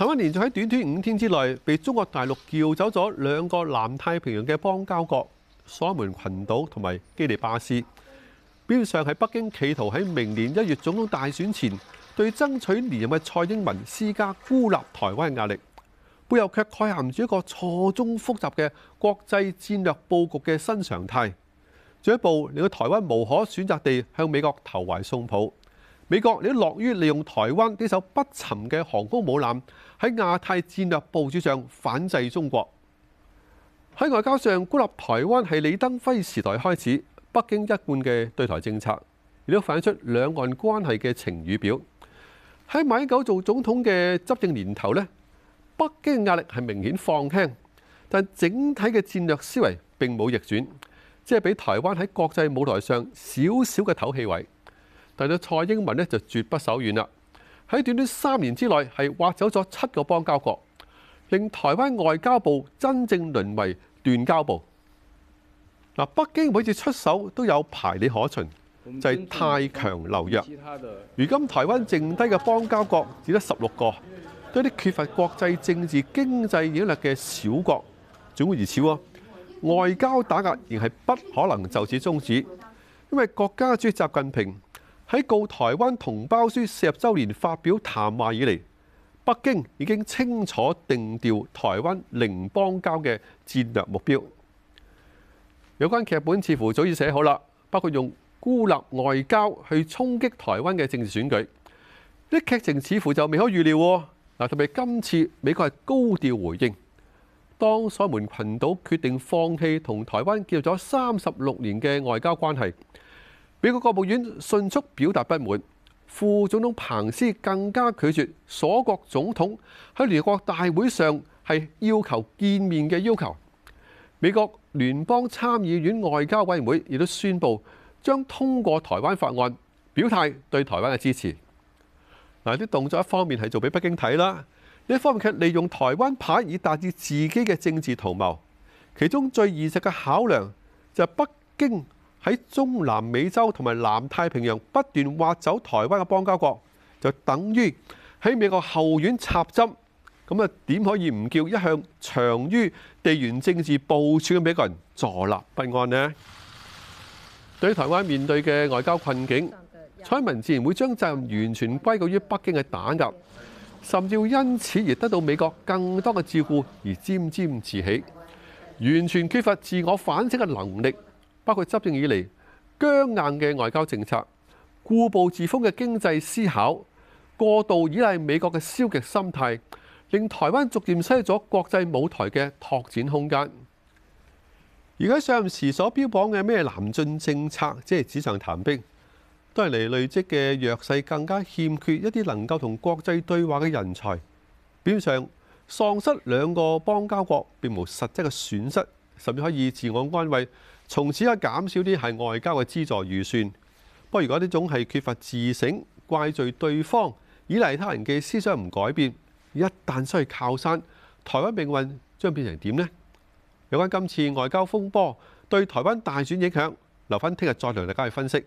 台灣連續喺短短五天之內，被中國大陸叫走咗兩個南太平洋嘅邦交國——所門群島同埋基里巴斯。表面上係北京企圖喺明年一月總統大選前，對爭取連任嘅蔡英文施加孤立台灣嘅壓力，背後卻內含住一個錯綜複雜嘅國際戰略布局嘅新常態，進一步令到台灣無可選擇地向美國投懷送抱。美國，你都樂於利用台灣呢艘不沉嘅航空母艦喺亞太戰略部署上反制中國。喺外交上孤立台灣係李登輝時代開始，北京一貫嘅對台政策，亦都反映出兩岸關係嘅晴雨表。喺馬英九做總統嘅執政年頭呢，北京嘅壓力係明顯放輕，但整體嘅戰略思維並冇逆轉，只係俾台灣喺國際舞台上少少嘅唞氣位。但到蔡英文呢，就絕不手軟啦。喺短短三年之內，係挖走咗七個邦交國，令台灣外交部真正淪為斷交部嗱。北京每次出手都有排你可循，就係太強流弱。如今台灣剩低嘅邦交國只得十六個，都係啲缺乏國際政治經濟影響力嘅小國，總會如此喎。外交打壓仍係不可能就此終止，因為國家主席習近平。喺告台灣同胞書四十周年發表談話以嚟，北京已經清楚定調台灣零邦交嘅戰略目標。有關劇本似乎早已寫好啦，包括用孤立外交去衝擊台灣嘅政治選舉。啲劇情似乎就未可預料。嗱，特別今次美國係高調回應，當所羅門群島決定放棄同台灣建立咗三十六年嘅外交關係。美國國務院迅速表達不滿，副總統彭斯更加拒絕鎖國總統喺聯合大會上係要求見面嘅要求。美國聯邦參議院外交委員會亦都宣布將通過台灣法案，表態對台灣嘅支持。嗱，啲動作一方面係做俾北京睇啦，另一方面卻利用台灣牌以達至自己嘅政治圖謀。其中最現實嘅考量就係北京。喺中南美洲同埋南太平洋不斷挖走台灣嘅邦交國，就等於喺美國後院插針。咁啊，點可以唔叫一向長於地緣政治部署嘅美國人坐立不安呢？對台灣面對嘅外交困境，蔡英文自然會將責任完全歸咎於北京嘅打壓，甚至會因此而得到美國更多嘅照顧而沾沾自喜，完全缺乏自我反省嘅能力。包括執政以嚟僵硬嘅外交政策、固步自封嘅經濟思考、過度依賴美國嘅消極心態，令台灣逐漸失去咗國際舞台嘅拓展空間。而家上任時所標榜嘅咩南進政策，即係紙上談兵，都係嚟累積嘅弱勢，更加欠缺一啲能夠同國際對話嘅人才。表面上喪失兩個邦交國，並無實質嘅損失。甚至可以自我安慰，從此可減少啲係外交嘅資助預算。不過如果呢種係缺乏自省、怪罪對方、倚賴他人嘅思想唔改變，一旦失去靠山，台灣命運將變成點呢？有關今次外交風波對台灣大選影響，留翻聽日再同大家去分析。